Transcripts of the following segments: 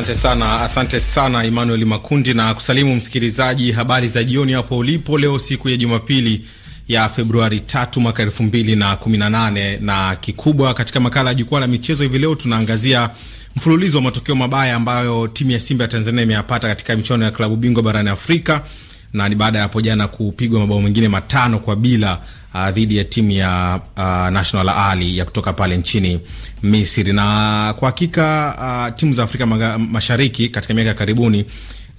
Asante sana, asante sana Emmanuel Makundi, na kusalimu msikilizaji, habari za jioni hapo ulipo leo, siku ya Jumapili ya Februari tatu mwaka elfu mbili na kumi na nane na kikubwa katika makala ya jukwaa la michezo hivi leo tunaangazia mfululizo wa matokeo mabaya ambayo timu ya Simba ya Tanzania imeyapata katika michuano ya klabu bingwa barani Afrika, na ni baada ya hapo jana kupigwa mabao mengine matano kwa bila Uh, dhidi ya timu ya uh, National Ali ya kutoka pale nchini Misri. Na kwa hakika uh, timu za Afrika maga, Mashariki katika miaka ya karibuni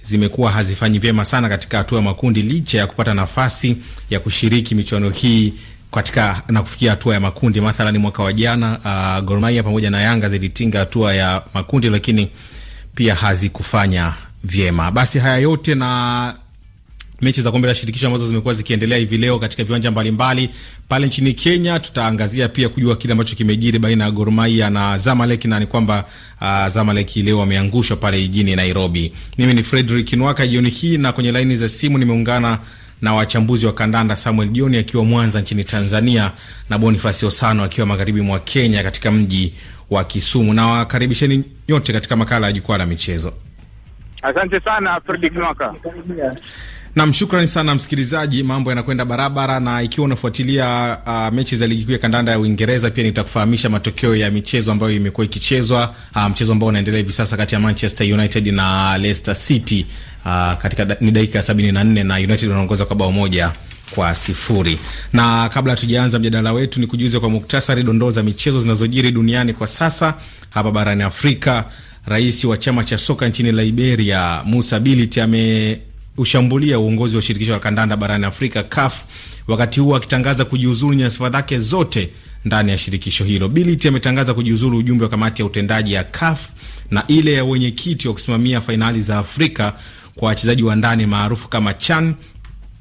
zimekuwa hazifanyi vyema sana katika hatua ya makundi licha ya kupata nafasi ya kushiriki michuano hii katika na kufikia hatua ya makundi. Mathalani mwaka wa jana uh, Gor Mahia pamoja na Yanga zilitinga hatua ya makundi, lakini pia hazikufanya vyema. Basi haya yote na mechi za kombe la shirikisho ambazo zimekuwa zikiendelea hivi leo katika viwanja mbalimbali pale nchini Kenya. Tutaangazia pia kujua kile ambacho kimejiri baina ya Gor Mahia na Zamalek, na ni kwamba uh, Zamalek leo wameangushwa pale jijini Nairobi. Mimi ni Fredrick Nwaka jioni hii, na kwenye laini za simu nimeungana na wachambuzi wa kandanda Samuel Joni akiwa Mwanza nchini Tanzania na Bonifasi Osano akiwa magharibi mwa Kenya katika mji wa Kisumu. Na wakaribisheni nyote katika makala ya jukwaa la michezo. Asante sana Fredrick Nwaka. Nam, shukrani sana msikilizaji, mambo yanakwenda barabara, na ikiwa unafuatilia uh, mechi za ligi kuu ya kandanda ya Uingereza, pia nitakufahamisha matokeo ya michezo ambayo imekuwa ikichezwa, uh, mchezo ambao unaendelea hivi sasa kati ya Manchester United na Leicester City. Uh, katika da, ni dakika ya 74 na United wanaongoza kwa bao moja kwa sifuri. Na kabla hatujaanza mjadala wetu, ni kujuze kwa muktasari dondoo za michezo zinazojiri duniani kwa sasa. Hapa barani Afrika, rais wa chama cha soka nchini Liberia Musa Bility ame ushambulia uongozi wa shirikisho la kandanda barani Afrika CAF, wakati huo akitangaza kujiuzulu nyadhifa zake zote ndani ya shirikisho hilo. Bility ametangaza kujiuzulu ujumbe wa kamati ya utendaji ya CAF na ile ya wenyekiti wa kusimamia fainali za Afrika kwa wachezaji wa ndani maarufu kama CHAN,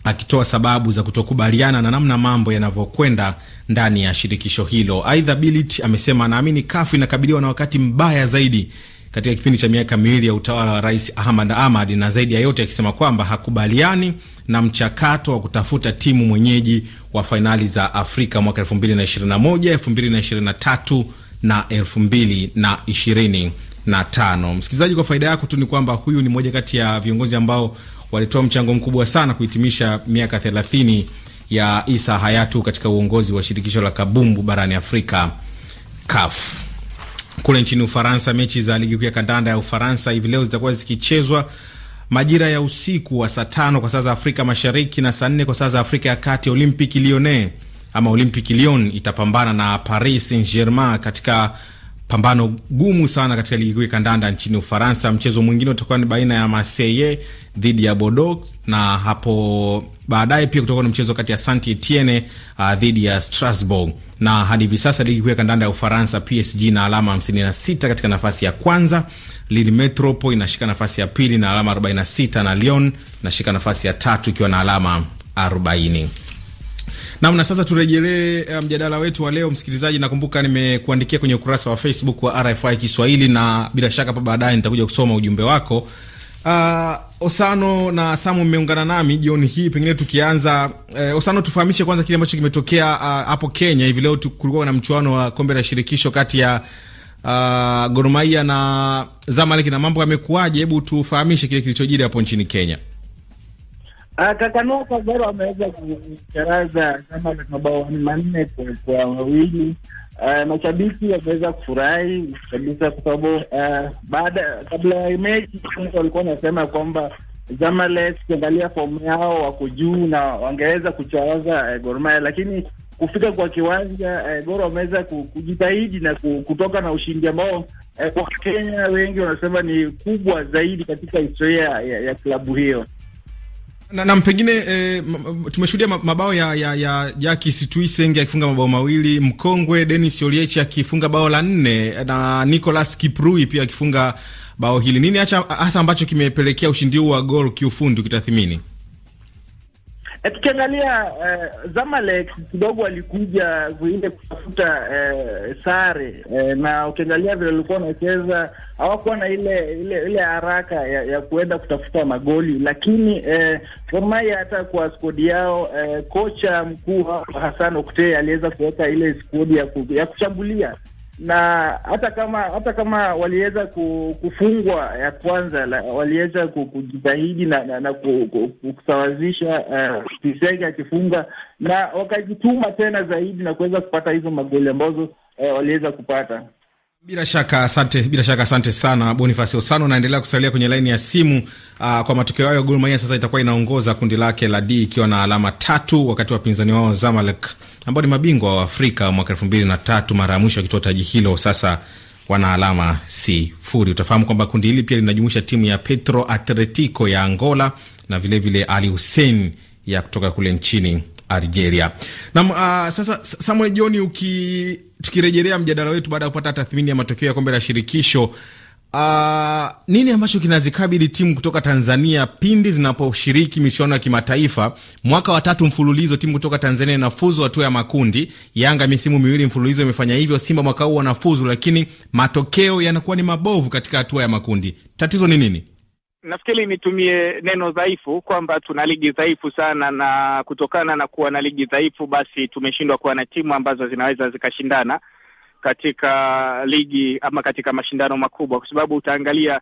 akitoa sababu za kutokubaliana na namna mambo yanavyokwenda ndani ya shirikisho hilo. Aidha, Bility amesema anaamini CAF inakabiliwa na wakati mbaya zaidi katika kipindi cha miaka miwili ya utawala wa Rais Ahmad Ahmad, na zaidi ya yote akisema kwamba hakubaliani na mchakato wa kutafuta timu mwenyeji wa fainali za Afrika mwaka 2021, 2023 na 2025. Msikilizaji, kwa faida yako tu ni kwamba huyu ni mmoja kati ya viongozi ambao walitoa mchango mkubwa sana kuhitimisha miaka 30 ya Isa Hayatu katika uongozi wa shirikisho la kabumbu barani Afrika, CAF. Kule nchini Ufaransa, mechi za ligi kuu ya kandanda ya Ufaransa hivi leo zitakuwa zikichezwa majira ya usiku wa saa tano kwa saa za Afrika Mashariki na saa nne kwa saa za Afrika ya Kati. Olympic Lyonnais ama Olympic Lyon itapambana na Paris Saint Germain katika pambano gumu sana katika ligi kuu ya kandanda nchini Ufaransa. Mchezo mwingine utakuwa ni baina ya Marseille dhidi ya Bordeaux, na hapo baadaye pia kutakuwa na mchezo kati ya Saint Etienne uh, ah, dhidi ya Strasbourg. Na hadi hivi sasa ligi kuu ya kandanda ya Ufaransa, PSG na alama 56 katika nafasi ya kwanza. Lille metropo inashika nafasi ya pili na alama 46 na Lyon inashika nafasi ya tatu ikiwa na alama 40. Namna sasa, turejelee eh, mjadala um, wetu wa leo. Msikilizaji, nakumbuka nimekuandikia kwenye ukurasa wa Facebook wa RFI Kiswahili, na bila shaka hapa baadaye nitakuja kusoma ujumbe wako. Uh, Osano na Samu mmeungana nami jioni hii, pengine tukianza uh, Osano, tufahamishe kwanza kile ambacho kimetokea ah, hapo uh, Kenya hivi leo. Kulikuwa na mchuano wa kombe la shirikisho kati ya uh, Gor Mahia na Zamalek na mambo yamekuwaje? Hebu tufahamishe kile kilichojiri hapo nchini Kenya kakanoka ah, Goro ameweza kucharaza kama mabao manne kwa wawili. Ah, mashabiki wameweza kufurahi kabisa kwa sababu uh, baada kabla ya mechi mtu alikuwa anasema kwamba Zamalek ukiangalia fomu yao wako juu na wangeweza kucharaza uh, Gor Mahia, lakini kufika kwa kiwanja uh, eh, Goro wameweza kujitahidi na kutoka na ushindi ambao eh, kwa Kenya wengi wanasema ni kubwa zaidi katika historia ya, ya klabu hiyo na, na pengine e, tumeshuhudia mabao ya ya ya Jaki Situisenge akifunga mabao mawili, mkongwe Dennis Oliech akifunga bao la nne na Nicolas Kiprui pia akifunga bao hili. Nini hasa ambacho kimepelekea ushindi huu wa gol kiufundi ukitathmini? Eh, tukiangalia eh, Zamalek kidogo walikuja ile kutafuta eh, sare eh, na ukiangalia vile walikuwa wanacheza hawakuwa na ile ile ile haraka ya, ya kuenda kutafuta magoli, lakini uh, Gor Mahia hata kwa skodi yao eh, kocha mkuu Hassan Oktay aliweza kuweka ile skodi ya, ku, ya kushambulia na hata kama hata kama waliweza kufungwa ya kwanza la, waliweza kujitahidi na, na, na kusawazisha eh, Tshisekedi uh, akifunga na wakajituma tena zaidi na kuweza kupata hizo magoli ambazo uh, eh, waliweza kupata. Bila shaka asante, bila shaka asante sana Boniface Osano. Naendelea kusalia kwenye laini ya simu. Aa, ah, kwa matokeo hayo Gor Mahia sasa itakuwa inaongoza kundi lake la D ikiwa na alama tatu, wakati wapinzani wao Zamalek ambao ni mabingwa wa Afrika mwaka elfu mbili na tatu mara ya mwisho wakitoa taji hilo. Sasa wana alama sifuri. Utafahamu kwamba kundi hili pia linajumuisha timu ya Petro Atletico ya Angola na vilevile vile Ali Hussein ya kutoka kule nchini Algeria. Nam uh, ah, sasa Samuel Joni, tukirejelea mjadala wetu baada ya kupata tathmini ya matokeo ya kombe la shirikisho Uh, nini ambacho kinazikabili timu kutoka Tanzania pindi zinaposhiriki michuano ya kimataifa? Mwaka wa tatu mfululizo timu kutoka Tanzania inafuzu hatua ya makundi. Yanga misimu miwili mfululizo imefanya hivyo, Simba mwaka huu wanafuzu, lakini matokeo yanakuwa ni mabovu katika hatua ya makundi. Tatizo ni nini? Nafikiri nitumie neno dhaifu, kwamba tuna ligi dhaifu sana, na kutokana na kuwa na ligi dhaifu, basi tumeshindwa kuwa na timu ambazo zinaweza zikashindana katika ligi ama katika mashindano makubwa, kwa sababu utaangalia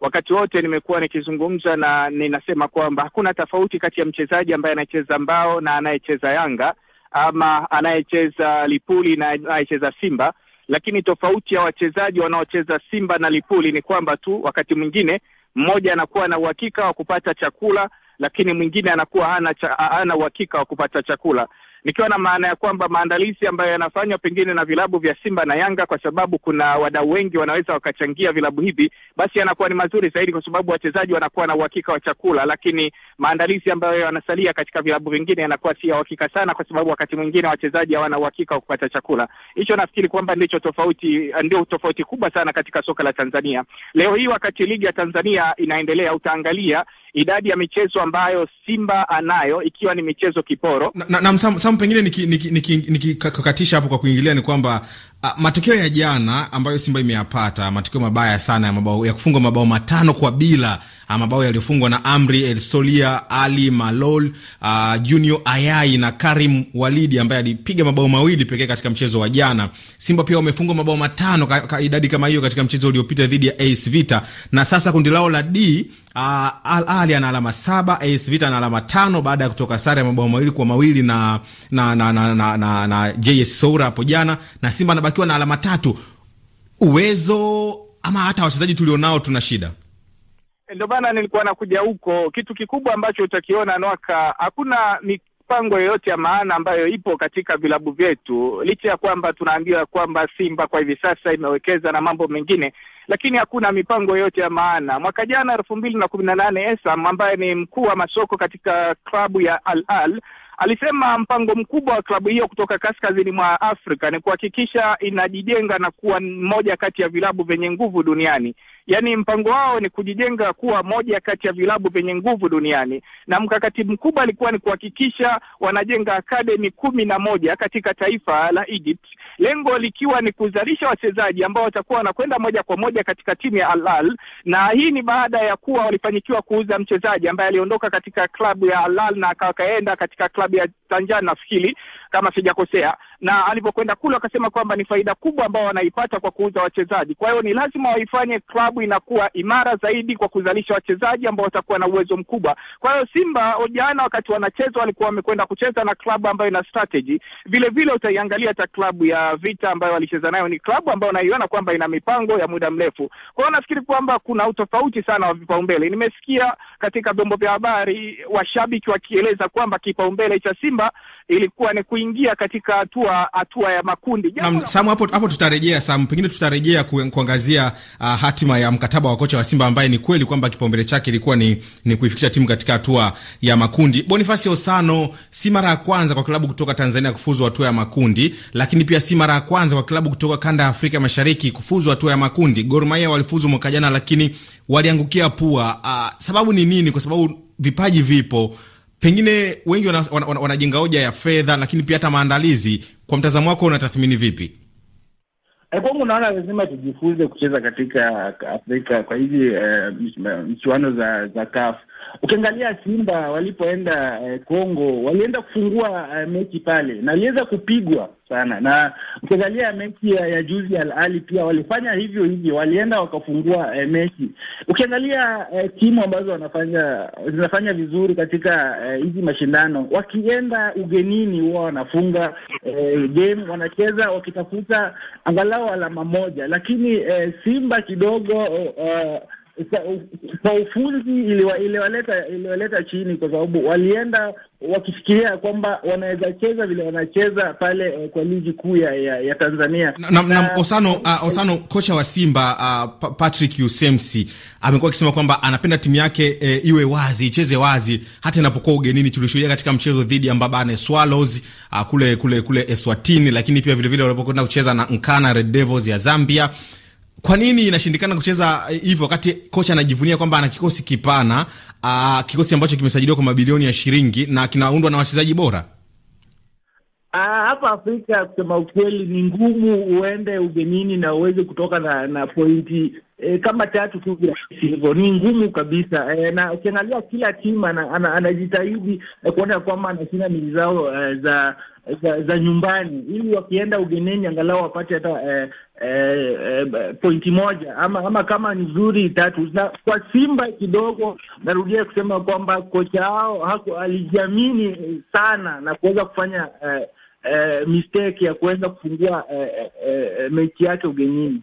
wakati wote nimekuwa nikizungumza na ninasema kwamba hakuna tofauti kati ya mchezaji ambaye anacheza mbao na anayecheza Yanga ama anayecheza Lipuli na anayecheza Simba, lakini tofauti ya wachezaji wanaocheza Simba na Lipuli ni kwamba tu wakati mwingine mmoja anakuwa na uhakika wa kupata chakula, lakini mwingine anakuwa hana cha, hana uhakika wa kupata chakula nikiwa na maana ya kwamba maandalizi ambayo yanafanywa pengine na vilabu vya Simba na Yanga, kwa sababu kuna wadau wengi wanaweza wakachangia vilabu hivi, basi yanakuwa ni mazuri zaidi, kwa sababu wachezaji wanakuwa na uhakika wa chakula. Lakini maandalizi ambayo yanasalia katika vilabu vingine yanakuwa si ya uhakika sana, kwa sababu wakati mwingine wachezaji hawana uhakika wa kupata chakula. Hicho nafikiri kwamba ndicho tofauti, ndio tofauti kubwa sana katika soka la Tanzania leo hii. Wakati ligi ya Tanzania inaendelea, utaangalia idadi ya michezo ambayo Simba anayo ikiwa ni michezo kiporo na, na, na sam, sam pengine nikikatisha niki, niki, niki, hapo kwa kuingilia ni kwamba Ah, matokeo ya jana ambayo Simba imeyapata matokeo mabaya sana ya mabao ya kufungwa mabao matano kwa bila, ah, mabao yaliyofungwa na Amri El Solia, Ali Malol, uh, Junior Ayai na Karim Walidi ambaye alipiga mabao mawili pekee katika mchezo wa jana. Simba pia wamefungwa mabao matano ka, ka, idadi kama hiyo katika mchezo uliopita dhidi ya AS Vita, na sasa kundi lao la D uh, Al Ahly ana alama saba, AS Vita ana alama tano baada ya kutoka sare ya mabao mawili kwa mawili na na na na na, na, na, na JS Soura hapo jana na Simba na tunabakiwa na alama tatu, uwezo ama hata wachezaji tulionao tuna shida. Ndio maana nilikuwa nakuja huko. Kitu kikubwa ambacho utakiona Nwaka, hakuna mipango yoyote ya maana ambayo ipo katika vilabu vyetu, licha ya kwamba tunaambiwa kwamba Simba kwa hivi sasa imewekeza na mambo mengine lakini hakuna mipango yoyote ya maana. Mwaka jana elfu mbili na kumi na nane Esam ambaye ni mkuu wa masoko katika klabu ya Al Al Alisema mpango mkubwa wa klabu hiyo kutoka kaskazini mwa Afrika ni kuhakikisha inajijenga na kuwa mmoja kati ya vilabu vyenye nguvu duniani yani mpango wao ni kujijenga kuwa moja kati ya vilabu vyenye nguvu duniani, na mkakati mkubwa alikuwa ni kuhakikisha wanajenga akademi kumi na moja katika taifa la Egypt, lengo likiwa ni kuzalisha wachezaji ambao watakuwa wanakwenda moja kwa moja katika timu ya Al Ahly, na hii ni baada ya kuwa walifanikiwa kuuza mchezaji ambaye aliondoka katika klabu ya Al Ahly na akaenda katika klabu ya tanjan nafikiri kama sijakosea, na alipokwenda kule wakasema kwamba ni faida kubwa ambao wanaipata kwa kuuza wachezaji. Kwa hiyo ni lazima waifanye klabu inakuwa imara zaidi kwa kuzalisha wachezaji ambao watakuwa na uwezo mkubwa. Kwa hiyo Simba jana wakati wanacheza walikuwa wamekwenda kucheza na klabu ambayo ina strategy. Vile vile utaiangalia hata klabu ya Vita ambayo walicheza nayo, ni klabu ambayo naiona kwamba ina mipango ya muda mrefu. Kwa hiyo nafikiri kwamba kuna utofauti sana wa vipaumbele. Nimesikia katika vyombo vya habari washabiki wakieleza kwamba kipaumbele cha Simba ilikuwa ni kuingia katika hatua hatua ya makundi. Samu, hapo hapo tutarejea Samu, pengine tutarejea kuangazia uh, hatima ya mkataba wa kocha wa Simba ambaye ni kweli kwamba kipaumbele chake ilikuwa ni, ni kuifikisha timu katika hatua ya makundi. Bonifasi Osano, si mara ya kwanza kwa klabu kutoka Tanzania kufuzu hatua ya makundi, lakini pia si mara ya kwanza kwa klabu kutoka kanda ya Afrika Mashariki kufuzu hatua ya makundi. Gor Mahia walifuzu mwaka jana, lakini waliangukia pua. Uh, sababu ni nini? Kwa sababu vipaji vipo pengine wengi wanajenga wana, wana, hoja ya fedha, lakini pia hata maandalizi. Kwa mtazamo wako unatathmini vipi? E, kwangu naona lazima tujifunze kucheza katika Afrika. Kwa hizi e, michuano za za kafu Ukiangalia Simba walipoenda eh, Kongo walienda kufungua eh, mechi pale na waliweza kupigwa sana, na ukiangalia mechi ya, ya juzi Al Ahly pia walifanya hivyo hivyo, walienda wakafungua eh, mechi. Ukiangalia eh, timu ambazo wanafanya zinafanya vizuri katika eh, hizi eh, mashindano, wakienda ugenini huwa wanafunga eh, game, wanacheza wakitafuta angalau alama moja, lakini eh, Simba kidogo eh, kwa ufunzi iliwaleta iliwaleta chini, kwa sababu walienda wakifikiria kwamba wanaweza cheza vile wanacheza pale eh, kwa ligi kuu ya, ya Tanzania na, na, na, Osano, uh, Osano kocha wa Simba uh, Patrick Usemsi amekuwa akisema kwamba anapenda timu yake uh, iwe wazi icheze wazi hata inapokuwa ugenini. Tulishuhudia katika mchezo dhidi ya Mbabane Swallows uh, kule kule kule Eswatini, lakini pia vilevile walipokwenda kucheza na Nkana Red Devils ya Zambia kwa nini inashindikana kucheza hivyo wakati kocha anajivunia kwamba ana kikosi kipana, aa, kikosi ambacho kimesajiliwa kwa mabilioni ya shilingi na kinaundwa na wachezaji bora? Aa, ah, hapa Afrika kusema ukweli ni ngumu uende ugenini na uweze kutoka na, na pointi e, kama tatu tu hivyo ni ngumu kabisa e, na ukiangalia kila timu anajitahidi eh, kuona kwamba anashinda mili zao e, za za, za nyumbani ili wakienda ugeneni angalau wapate hata eh, eh, eh, pointi moja ama ama kama ni nzuri tatu. Na kwa Simba kidogo, narudia kusema kwamba kocha wao alijiamini sana na kuweza kufanya eh, eh, mistake ya kuweza kufungua eh, eh, mechi yake ugenini.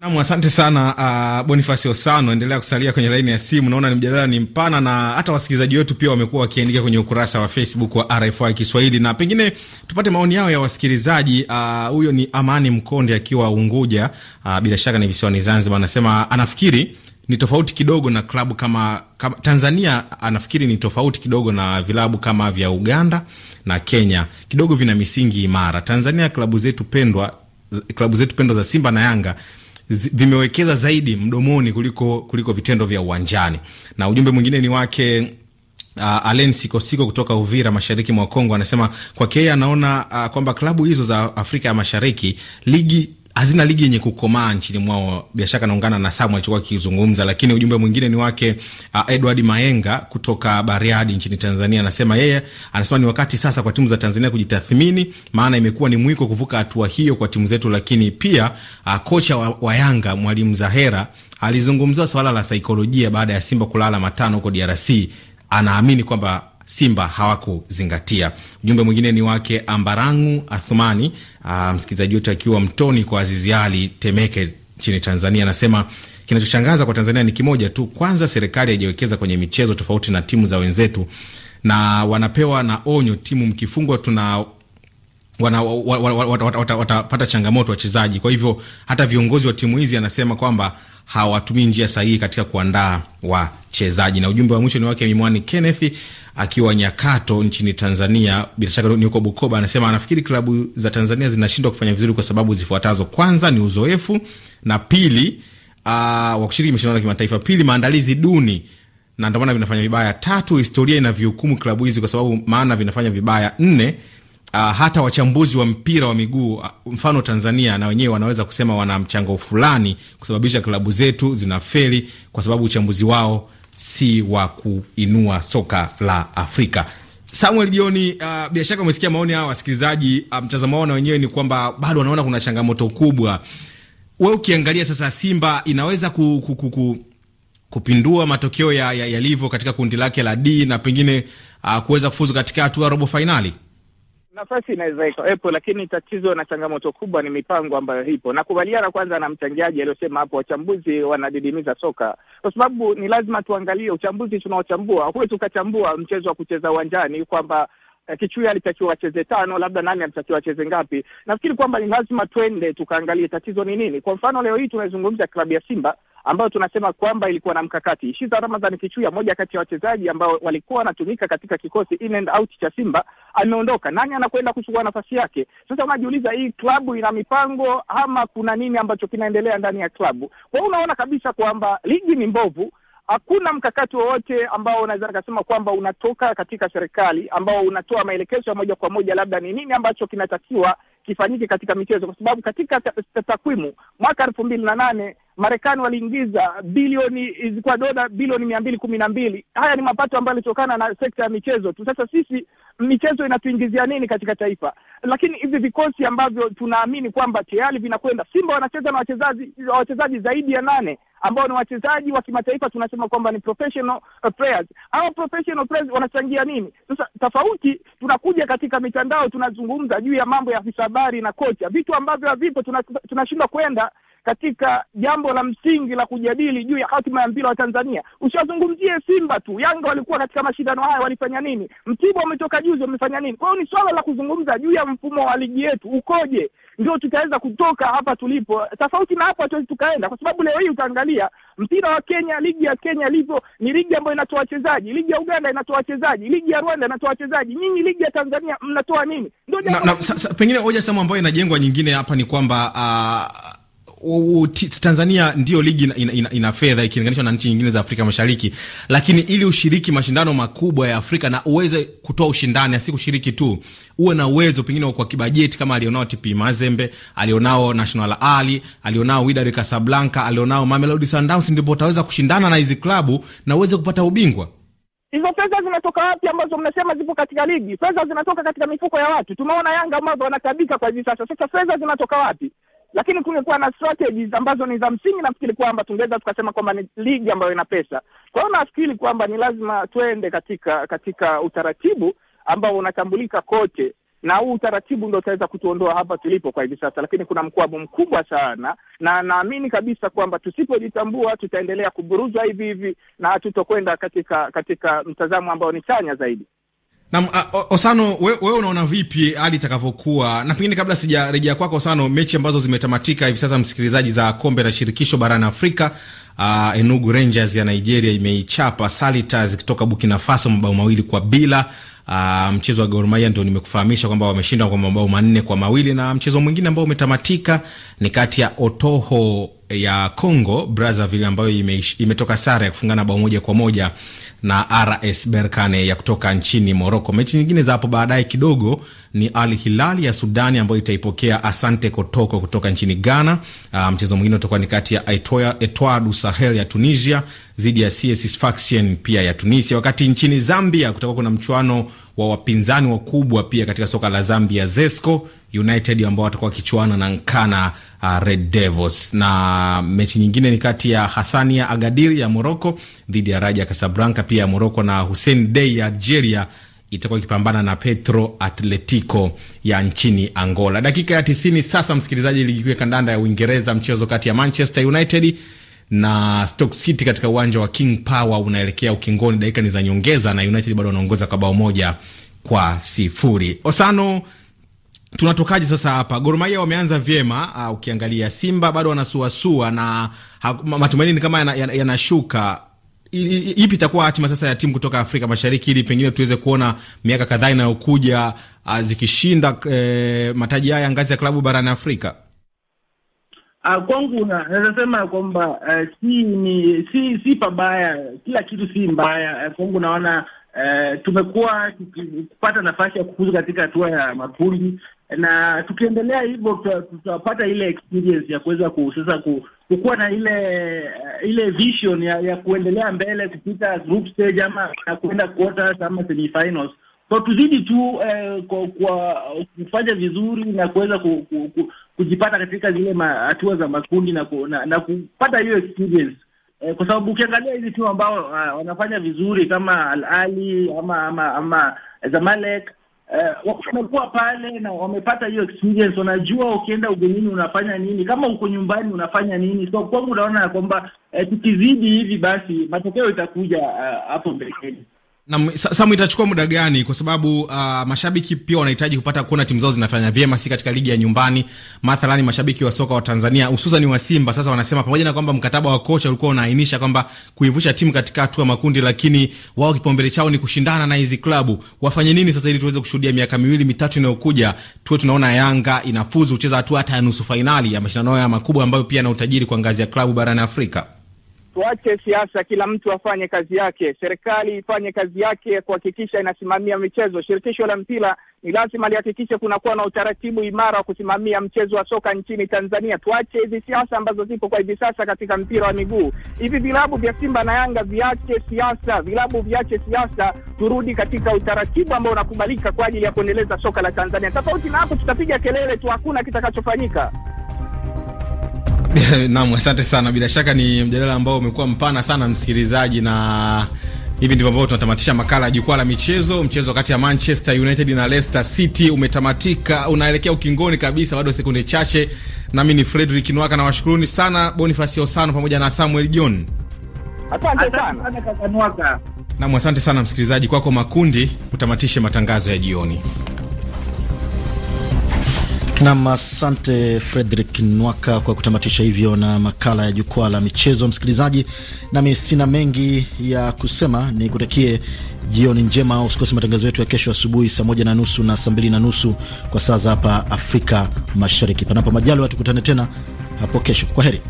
Nam, asante sana uh, ah, Bonifasi Osano, endelea kusalia kwenye laini ya simu. Naona ni mjadala ni mpana, na hata wasikilizaji wetu pia wamekuwa wakiandika kwenye ukurasa wa Facebook wa RFI Kiswahili, na pengine tupate maoni yao ya wasikilizaji. Ah, huyo uh, ni Amani Mkonde akiwa Unguja, uh, bila shaka ni visiwani Zanzibar, anasema anafikiri ni tofauti kidogo na klabu kama, kama Tanzania anafikiri ni tofauti kidogo na vilabu kama vya Uganda na Kenya, kidogo vina misingi imara. Tanzania klabu zetu pendwa, klabu zetu pendwa za Simba na Yanga vimewekeza zaidi mdomoni kuliko, kuliko vitendo vya uwanjani. Na ujumbe mwingine ni wake Uh, Alen Sikosiko kutoka Uvira mashariki mwa Kongo anasema kwake yeye anaona uh, kwamba klabu hizo za Afrika ya Mashariki ligi hazina ligi yenye kukomaa nchini mwao. Bila shaka naungana na Samu alichokuwa akizungumza, lakini ujumbe mwingine ni wake uh, Edward Maenga kutoka Bariadi nchini Tanzania. Anasema yeye anasema ni wakati sasa kwa timu za Tanzania kujitathmini, maana imekuwa ni mwiko kuvuka hatua hiyo kwa timu zetu, lakini pia uh, kocha wa, wa Yanga Mwalimu Zahera alizungumzia swala la saikolojia baada ya Simba kulala matano huko DRC. Anaamini kwamba Simba hawakuzingatia. Ujumbe mwingine ni wake Ambarangu Athumani, ah, msikilizaji wetu akiwa Mtoni kwa Azizi Ali, Temeke nchini Tanzania, anasema kinachoshangaza kwa Tanzania ni kimoja tu. Kwanza, serikali haijawekeza kwenye michezo tofauti na timu za wenzetu, na wanapewa na onyo, timu mkifungwa tuna watapata wa, wa, wa, changamoto wachezaji. Kwa hivyo hata viongozi wa timu hizi anasema kwamba hawatumii njia sahihi katika kuandaa wachezaji. Na ujumbe wa mwisho ni wake Mimwani Kenneth akiwa Nyakato nchini Tanzania, bila shaka ni huko Bukoba. Anasema anafikiri klabu za Tanzania zinashindwa kufanya vizuri kwa sababu zifuatazo: kwanza ni uzoefu, na pili uh, wa kushiriki mashindano ya kimataifa, pili maandalizi duni na ndio maana vinafanya vibaya, tatu historia inavyohukumu klabu hizi kwa sababu maana vinafanya vibaya, nne uh, hata wachambuzi wa mpira wa miguu ah, mfano Tanzania na wenyewe wanaweza kusema wana mchango fulani kusababisha klabu zetu zinafeli kwa sababu uchambuzi wao si wa kuinua soka la Afrika. Samuel Jioni, uh, ah, bila shaka umesikia maoni ya wasikilizaji. Mtazamo um, wao na wenyewe ni kwamba bado wanaona kuna changamoto kubwa. We ukiangalia sasa, Simba inaweza ku, ku, ku, ku, kupindua matokeo yalivyo ya, ya katika kundi lake la D na pengine uh, kuweza kufuzu katika hatua ya robo fainali nafasi inaweza ikawepo, lakini tatizo na changamoto kubwa ni mipango ambayo ipo. Nakubaliana kwanza na mchangiaji aliyosema hapo, wachambuzi wanadidimiza soka, kwa sababu ni lazima tuangalie uchambuzi tunaochambua. Huwezi ukachambua mchezo wa kucheza uwanjani kwamba eh, Kichui alitakiwa acheze tano, labda nani alitakiwa acheze ngapi. Nafikiri kwamba ni lazima twende tukaangalie tatizo ni nini. Kwa mfano leo hii tunazungumza klabu ya Simba ambayo tunasema kwamba ilikuwa na mkakati. Shiza Ramadhan Kichuya, moja kati ya wachezaji ambao walikuwa wanatumika katika kikosi in and out cha Simba, ameondoka. Nani anakwenda kuchukua nafasi yake? Sasa unajiuliza hii klabu ina mipango ama kuna nini ambacho kinaendelea ndani ya klabu? Kwa hiyo unaona kabisa kwamba ligi ni mbovu hakuna mkakati wowote ambao unaweza nikasema kwamba unatoka katika serikali ambao unatoa maelekezo ya moja kwa moja, labda ni nini ambacho kinatakiwa kifanyike katika michezo, kwa sababu katika takwimu mwaka elfu mbili na nane Marekani waliingiza bilioni zilikuwa dola bilioni mia mbili kumi na mbili. Haya ni mapato ambayo yalitokana na sekta ya michezo tu. Sasa sisi michezo inatuingizia nini katika taifa? Lakini hivi vikosi ambavyo tunaamini kwamba tayari vinakwenda, Simba wanacheza na wachezaji wachezaji zaidi ya nane ambao ni wachezaji wa kimataifa, tunasema kwamba ni professional uh, players. Hao professional players wanachangia nini? Sasa tofauti, tunakuja katika mitandao tunazungumza juu ya mambo ya afisa habari na kocha, vitu ambavyo havipo, tunashindwa tuna kwenda katika jambo la msingi la kujadili juu ya hatima ya mpira wa Tanzania. Usiwazungumzie Simba tu, Yanga walikuwa katika mashindano haya walifanya nini? Mtibwa umetoka juzi wamefanya nini? Kwa hiyo ni swala la kuzungumza juu ya mfumo wa ligi yetu ukoje, ndio tutaweza kutoka hapa tulipo. Tofauti na hapo hatuwezi tukaenda, kwa sababu leo hii utaangalia mpira wa Kenya, ligi ya Kenya lipo, ni ligi ambayo inatoa wachezaji, ligi ya Uganda inatoa wachezaji, ligi ya Rwanda inatoa wachezaji, nyinyi ligi ya Tanzania mnatoa nini? Ndio pengine hoja sehemu ambayo inajengwa nyingine hapa ni kwamba uh, Tanzania ndio ligi ina, ina, ina ina fedha ikilinganishwa na nchi nyingine za Afrika Mashariki, lakini ili ushiriki mashindano makubwa ya Afrika na uweze kutoa ushindani, asi kushiriki tu, uwe na uwezo pengine kwa kibajeti kama alionao TP Mazembe, alionao National Ali, alionao Wydad Casablanca, alionao Mamelodi Sundowns, ndipo utaweza kushindana na hizi klabu na uweze kupata ubingwa. Hizo fedha zinatoka wapi ambazo mmesema zipo katika ligi? Fedha zinatoka katika mifuko ya watu. Tumeona Yanga ambavyo wanatabika kwa hivi sasa. Sasa fedha zinatoka wapi? lakini kungekuwa na strategies ambazo ni za msingi, nafikiri kwamba tungeweza tukasema kwamba ni ligi ambayo ina pesa. Kwa hiyo nafikiri kwamba ni lazima twende katika katika utaratibu ambao unatambulika kote, na huu utaratibu ndio utaweza kutuondoa hapa tulipo kwa hivi sasa, lakini kuna mkwamo mkubwa sana, na naamini kabisa kwamba tusipojitambua tutaendelea kuburuzwa hivi hivi na hatutokwenda katika katika mtazamo ambao ni chanya zaidi. Na, uh, Osano wewe we unaona vipi hali itakavyokuwa? Na pengine kabla sijarejea kwako Osano, mechi ambazo zimetamatika hivi sasa msikilizaji, za kombe la shirikisho barani Afrika, uh, Enugu Rangers ya Nigeria imeichapa Salitas kutoka Burkina Faso mabao mawili kwa bila. Uh, mchezo wa Gor Mahia ndio nimekufahamisha kwamba wameshinda kwa mabao manne kwa mawili, na mchezo mwingine ambao umetamatika ni kati ya Otoho ya Congo Brazzaville ambayo imetoka sare ya kufungana bao moja kwa moja na RS Berkane ya kutoka nchini Moroko. Mechi nyingine za hapo baadaye kidogo ni Al Hilal ya Sudani ambayo itaipokea Asante Kotoko kutoka nchini Ghana. Uh, mchezo mwingine utakuwa ni kati ya Etoile du Sahel ya Tunisia dhidi ya CS Sfaxien pia ya Tunisia, wakati nchini Zambia kutakuwa kuna mchuano wa wapinzani wakubwa pia katika soka la Zambia, Zesco United ambao watakuwa wakichuana na Nkana uh, Red Devils. Na mechi nyingine ni kati ya Hassania Agadir ya moroco dhidi ya Raja Casablanca pia ya Moroko, na Hussein Dey ya Algeria itakuwa ikipambana na Petro Atletico ya nchini Angola. Dakika ya tisini sasa, msikilizaji, ligi kuu ya kandanda ya Uingereza, mchezo kati ya Manchester United na Stoke City katika uwanja wa King Power unaelekea ukingoni, dakika ni za nyongeza na United bado wanaongoza kwa bao moja kwa sifuri. Osano tunatokaje sasa hapa? Gor Mahia wameanza vyema, uh, ukiangalia Simba bado wanasuasua na matumaini ni kama yanashuka yana, yana ipi itakuwa hatima sasa ya timu kutoka Afrika Mashariki ili pengine tuweze kuona miaka kadhaa inayokuja ah, zikishinda e, mataji haya ngazi ya klabu barani Afrika? Ah, kwangu naweza sema kwamba uh, si ni si si pabaya, kila kitu si mbaya. Eh, kwangu naona Uh, tumekuwa tukipata nafasi ya kufuzu katika hatua ya makundi na tukiendelea hivyo tutapata ile experience ya kuweza ku, sasa kukuwa na ile eh, ile vision ya, ya kuendelea mbele kupita group stage ama na kuenda quarters ama semifinals. So tuzidi tu uh, eh, kwa, kwa kufanya vizuri na kuweza ku, ku, ku, kujipata katika zile hatua za makundi na, na, na kupata hiyo experience eh, kwa sababu ukiangalia hizi timu ambao uh, wanafanya vizuri kama Al Ahly ama ama ama Zamalek uh, wamekuwa pale na wamepata hiyo experience, wanajua ukienda ugenini unafanya nini, kama uko nyumbani unafanya nini. So kwangu unaona ya kwamba uh, tukizidi hivi basi matokeo itakuja hapo uh, mbeleni. Na Samu, itachukua muda gani? Kwa sababu uh, mashabiki pia wanahitaji kupata kuona timu zao zinafanya vyema, si katika ligi ya nyumbani. Mathalani mashabiki wa soka wa Tanzania hususan wa Simba sasa wanasema pamoja na kwamba mkataba wa kocha ulikuwa unaainisha kwamba kuivusha timu katika hatua makundi, lakini wao kipaumbele chao ni kushindana na hizi klabu. Wafanye nini sasa ili tuweze kushuhudia miaka miwili mitatu inayokuja tuwe tunaona Yanga inafuzu kucheza hatua hata ya nusu fainali ya mashindano ya makubwa ambayo pia yana utajiri kwa ngazi ya klabu barani Afrika? tuache siasa, kila mtu afanye kazi yake, serikali ifanye kazi yake kuhakikisha inasimamia michezo. Shirikisho la mpira ni lazima lihakikishe kunakuwa na utaratibu imara wa kusimamia mchezo wa soka nchini Tanzania. Tuache hizi siasa ambazo zipo kwa hivi sasa katika mpira wa miguu. Hivi vilabu vya Simba na Yanga viache siasa, vilabu viache siasa, turudi katika utaratibu ambao unakubalika kwa ajili ya kuendeleza soka la Tanzania. Tofauti na hapo, tutapiga kelele tu, hakuna kitakachofanyika. Naam, asante sana. Bila shaka ni mjadala ambao umekuwa mpana sana, msikilizaji, na hivi ndivyo ambavyo tunatamatisha makala ya jukwaa la michezo. Mchezo kati ya Manchester United na Leicester City umetamatika, unaelekea ukingoni kabisa, bado sekunde chache. Nami ni Fredrick Nwaka na washukuruni sana Boniface Osano pamoja na Samuel John. Asante sana. Nwaka. Naam, asante sana msikilizaji, kwako makundi utamatishe matangazo ya jioni. Nam, asante Frederick Nwaka kwa kutamatisha hivyo na makala ya jukwaa la michezo. Msikilizaji, nami sina mengi ya kusema, ni kutakie jioni njema. Usikose matangazo yetu ya kesho asubuhi saa moja na nusu na saa mbili na nusu kwa saa za hapa Afrika Mashariki. Panapo majalo tukutane tena hapo kesho. Kwa heri.